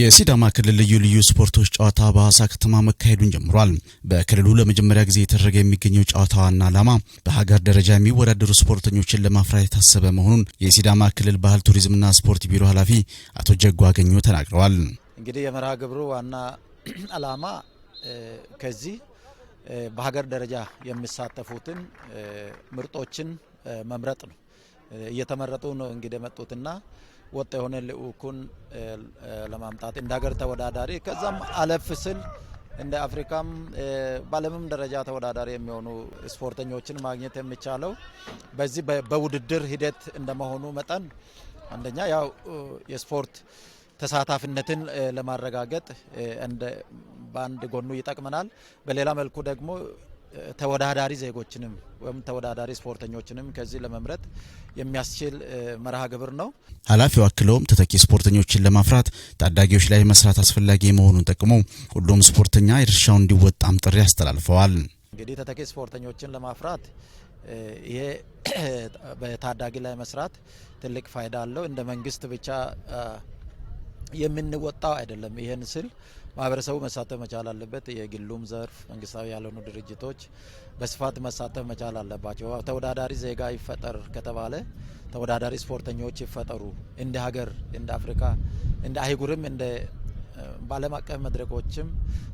የሲዳማ ክልል ልዩ ልዩ ስፖርቶች ጨዋታ በሐዋሳ ከተማ መካሄዱን ጀምሯል። በክልሉ ለመጀመሪያ ጊዜ የተደረገ የሚገኘው ጨዋታ ዋና ዓላማ በሀገር ደረጃ የሚወዳደሩ ስፖርተኞችን ለማፍራት የታሰበ መሆኑን የሲዳማ ክልል ባህል ቱሪዝምና ስፖርት ቢሮ ኃላፊ አቶ ጀጎ አገኘሁ ተናግረዋል። እንግዲህ የመርሃ ግብሩ ዋና ዓላማ ከዚህ በሀገር ደረጃ የሚሳተፉትን ምርጦችን መምረጥ ነው። እየተመረጡ ነው እንግዲህ የመጡትና ወጥ የሆነ ልዑኩን ለማምጣት እንደ ሀገር ተወዳዳሪ ከዛም አለፍ ስል እንደ አፍሪካም በዓለምም ደረጃ ተወዳዳሪ የሚሆኑ ስፖርተኞችን ማግኘት የሚቻለው በዚህ በውድድር ሂደት እንደመሆኑ መጠን አንደኛ ያው የስፖርት ተሳታፊነትን ለማረጋገጥ በአንድ ጎኑ ይጠቅመናል። በሌላ መልኩ ደግሞ ተወዳዳሪ ዜጎችንም ወይም ተወዳዳሪ ስፖርተኞችንም ከዚህ ለመምረጥ የሚያስችል መርሃ ግብር ነው። ኃላፊው አክለውም ተተኪ ስፖርተኞችን ለማፍራት ታዳጊዎች ላይ መስራት አስፈላጊ መሆኑን ጠቅሞ ሁሉም ስፖርተኛ የድርሻውን እንዲወጣም ጥሪ አስተላልፈዋል። እንግዲህ ተተኪ ስፖርተኞችን ለማፍራት ይሄ በታዳጊ ላይ መስራት ትልቅ ፋይዳ አለው። እንደ መንግስት ብቻ የምንወጣው አይደለም። ይህን ስል ማህበረሰቡ መሳተፍ መቻል አለበት። የግሉም ዘርፍ መንግስታዊ ያልሆኑ ድርጅቶች በስፋት መሳተፍ መቻል አለባቸው። ተወዳዳሪ ዜጋ ይፈጠር ከተባለ ተወዳዳሪ ስፖርተኞች ይፈጠሩ። እንደ ሀገር፣ እንደ አፍሪካ፣ እንደ አህጉርም እንደ በዓለም አቀፍ መድረኮችም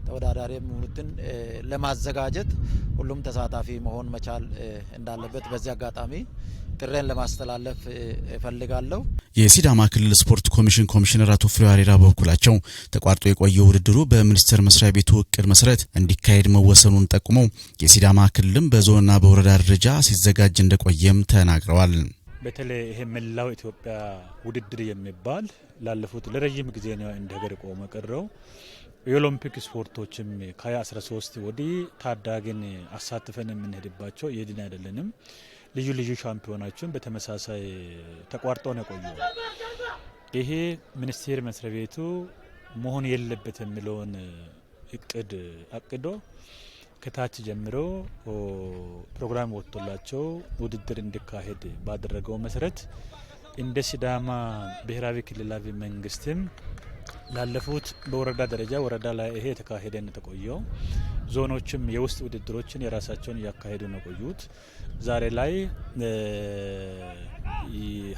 ተወዳዳሪ የሚሆኑትን ለማዘጋጀት ሁሉም ተሳታፊ መሆን መቻል እንዳለበት በዚህ አጋጣሚ ጥሬን ለማስተላለፍ እፈልጋለሁ። የሲዳማ ክልል ስፖርት ኮሚሽን ኮሚሽነር አቶ ፍሬው አሬራ በበኩላቸው ተቋርጦ የቆየው ውድድሩ በሚኒስቴር መስሪያ ቤቱ እቅድ መሰረት እንዲካሄድ መወሰኑን ጠቁመው የሲዳማ ክልልም በዞንና በወረዳ ደረጃ ሲዘጋጅ እንደቆየም ተናግረዋል። በተለይ ይሄ መላው ኢትዮጵያ ውድድር የሚባል ላለፉት ለረዥም ጊዜ ነው እንደ ሀገር ቆመ ቀረው። የኦሎምፒክ ስፖርቶችም ከ2013 ወዲህ ታዳጊን አሳትፈን የምንሄድባቸው የድን አይደለንም። ልዩ ልዩ ሻምፒዮናችን በተመሳሳይ ተቋርጦ ነው የቆዩ። ይሄ ሚኒስቴር መስሪያ ቤቱ መሆን የለበት የሚለውን እቅድ አቅዶ ከታች ጀምሮ ፕሮግራም ወጥቶላቸው ውድድር እንዲካሄድ ባደረገው መሰረት እንደ ሲዳማ ብሔራዊ ክልላዊ መንግስትም ላለፉት በወረዳ ደረጃ ወረዳ ላይ ይሄ የተካሄደ የተቆየው። ዞኖችም የውስጥ ውድድሮችን የራሳቸውን እያካሄዱ ነው ቆዩት። ዛሬ ላይ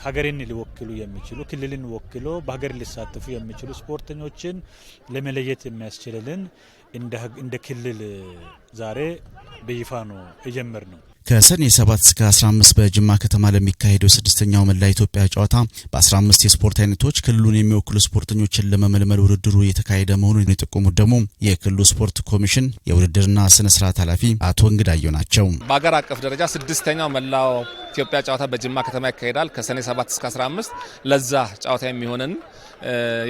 ሀገርን ሊወክሉ የሚችሉ ክልልን ወክሎ በሀገር ሊሳተፉ የሚችሉ ስፖርተኞችን ለመለየት የሚያስችልልን እንደ ክልል ዛሬ በይፋ ነው የጀመር ነው። ከሰኔ 7 እስከ 15 በጅማ ከተማ ለሚካሄደው ስድስተኛው መላ ኢትዮጵያ ጨዋታ በ15 የስፖርት አይነቶች ክልሉን የሚወክሉ ስፖርተኞችን ለመመልመል ውድድሩ የተካሄደ መሆኑን የጠቆሙት ደግሞ የክልሉ ስፖርት ኮሚሽን የውድድርና ስነ ስርዓት ኃላፊ አቶ እንግዳየው ናቸው። በሀገር አቀፍ ደረጃ ስድስተኛው መላው ኢትዮጵያ ጨዋታ በጅማ ከተማ ይካሄዳል ከሰኔ 7 እስከ 15 ለዛ ጨዋታ የሚሆንን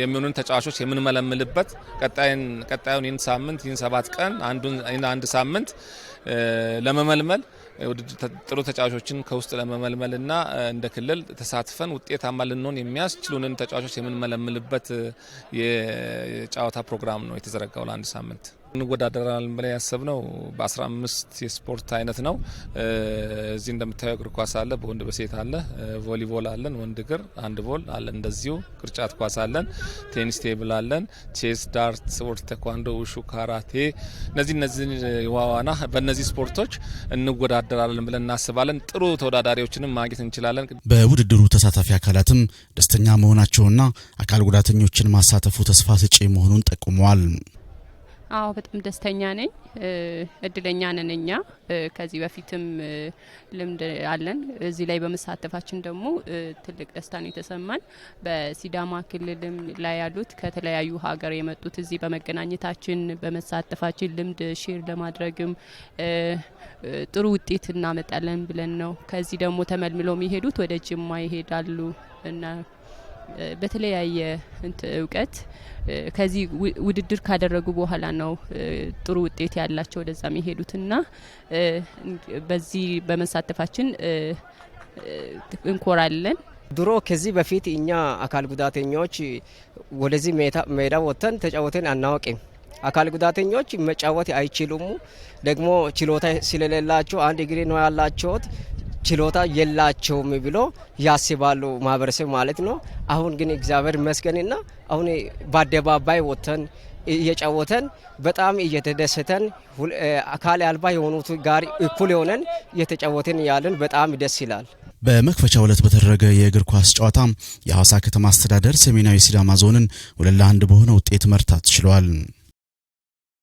የሚሆኑን ተጫዋቾች የምንመለምልበት ቀጣዩን ይህን ሳምንት ይህን ሰባት ቀን አንዱን አንድ ሳምንት ለመመልመል ጥሩ ተጫዋቾችን ከውስጥ ለመመልመልና እንደ ክልል ተሳትፈን ውጤታማ ልንሆን የሚያስችሉንን ተጫዋቾች የምንመለምልበት የጨዋታ ፕሮግራም ነው የተዘረጋው ለአንድ ሳምንት። እንወዳደራለን ብለን ያሰብነው በ15 የስፖርት አይነት ነው። እዚህ እንደምታየው እግር ኳስ አለ፣ በወንድ በሴት አለ፣ ቮሊቦል አለን፣ ወንድ እግር አንድ ቦል አለን፣ እንደዚሁ ቅርጫት ኳስ አለን፣ ቴኒስ ቴብል አለን፣ ቼስ፣ ዳርት፣ ስፖርት፣ ተኳንዶ፣ ውሹ፣ ካራቴ እነዚህ እነዚህ ዋዋና በእነዚህ ስፖርቶች እንወዳደራለን ብለን እናስባለን። ጥሩ ተወዳዳሪዎችንም ማግኘት እንችላለን። በውድድሩ ተሳታፊ አካላትም ደስተኛ መሆናቸውና አካል ጉዳተኞችን ማሳተፉ ተስፋ ሰጪ መሆኑን ጠቁመዋል። አዎ በጣም ደስተኛ ነኝ። እድለኛ ነን እኛ። ከዚህ በፊትም ልምድ አለን። እዚህ ላይ በመሳተፋችን ደግሞ ትልቅ ደስታ ነው የተሰማን። በሲዳማ ክልልም ላይ ያሉት ከተለያዩ ሀገር የመጡት እዚህ በመገናኘታችን በመሳተፋችን ልምድ ሼር ለማድረግም ጥሩ ውጤት እናመጣለን ብለን ነው። ከዚህ ደግሞ ተመልምለው የሚሄዱት ወደ ጅማ ይሄዳሉ እና በተለያየ እውቀት ከዚህ ውድድር ካደረጉ በኋላ ነው ጥሩ ውጤት ያላቸው ወደዛ የሄዱትና በዚህ በመሳተፋችን እንኮራለን። ድሮ ከዚህ በፊት እኛ አካል ጉዳተኞች ወደዚህ ሜዳ ወጥተን ተጫወተን አናውቅም። አካል ጉዳተኞች መጫወት አይችሉም። ደግሞ ችሎታ ስለሌላቸው አንድ እግሬ ነው ያላቸውት። ችሎታ የላቸውም ብሎ ያስባሉ ማህበረሰብ ማለት ነው። አሁን ግን እግዚአብሔር ይመስገንና አሁን በአደባባይ ወጥተን እየጫወተን በጣም እየተደሰተን አካል አልባ የሆኑት ጋር እኩል የሆነን እየተጫወተን ያለን በጣም ደስ ይላል። በመክፈቻ ዕለት በተደረገ የእግር ኳስ ጨዋታ የሐዋሳ ከተማ አስተዳደር ሰሜናዊ ሲዳማ ዞንን ሁለት ለአንድ በሆነ ውጤት መርታት ችሏል።